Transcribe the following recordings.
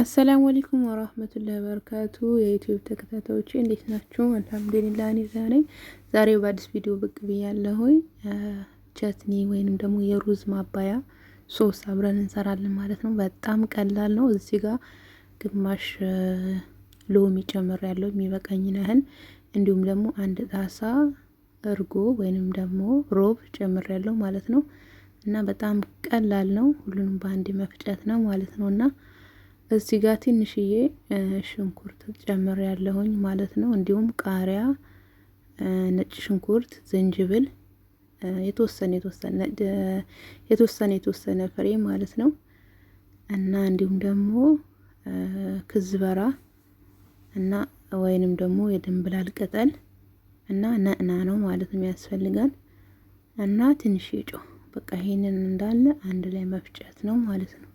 አሰላሙ አለይኩም ወራህመቱላሂ ወበረካቱ የዩቲዩብ ተከታታዮች እንዴት ናችሁ? አልሐምዱሊላህ እኔ ዛሬ ዛሬ በአዲስ ቪዲዮ ብቅ ብያለሁ። ቸትኒ ወይንም ደግሞ የሩዝ ማባያ ሶስ አብረን እንሰራለን ማለት ነው። በጣም ቀላል ነው። እዚህ ጋር ግማሽ ሎሚ ጨምሬያለሁ የሚበቃኝን ያህል፣ እንዲሁም ደግሞ አንድ ጣሳ እርጎ ወይንም ደግሞ ሮብ ጨምር ያለው ማለት ነው። እና በጣም ቀላል ነው። ሁሉንም በአንድ መፍጨት ነው ማለት ነው እና እዚህ ጋ ትንሽዬ ሽንኩርት ጨምር ያለሁኝ ማለት ነው። እንዲሁም ቃሪያ፣ ነጭ ሽንኩርት፣ ዝንጅብል የተወሰነ የተወሰነ የተወሰነ የተወሰነ ፍሬ ማለት ነው እና እንዲሁም ደግሞ ክዝበራ እና ወይንም ደግሞ የድንብላል ቅጠል እና ነእና ነው ማለት ነው ያስፈልጋል እና ትንሽ ጮ በቃ ይሄንን እንዳለ አንድ ላይ መፍጨት ነው ማለት ነው።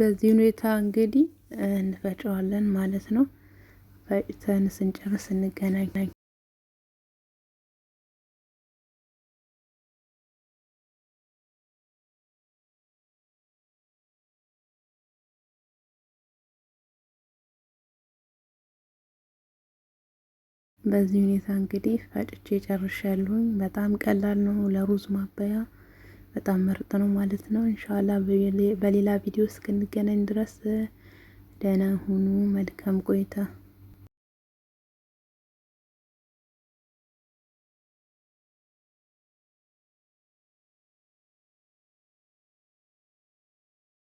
በዚህ ሁኔታ እንግዲህ እንፈጨዋለን ማለት ነው። ፈጭተን ስንጨርስ እንገናኝ። በዚህ ሁኔታ እንግዲህ ፈጭቼ ጨርሻለሁኝ። በጣም ቀላል ነው ለሩዝ ማበያ በጣም ምርጥ ነው ማለት ነው። እንሻላ በሌላ ቪዲዮ እስክንገናኝ ድረስ ደህና ሁኑ። መልካም ቆይታ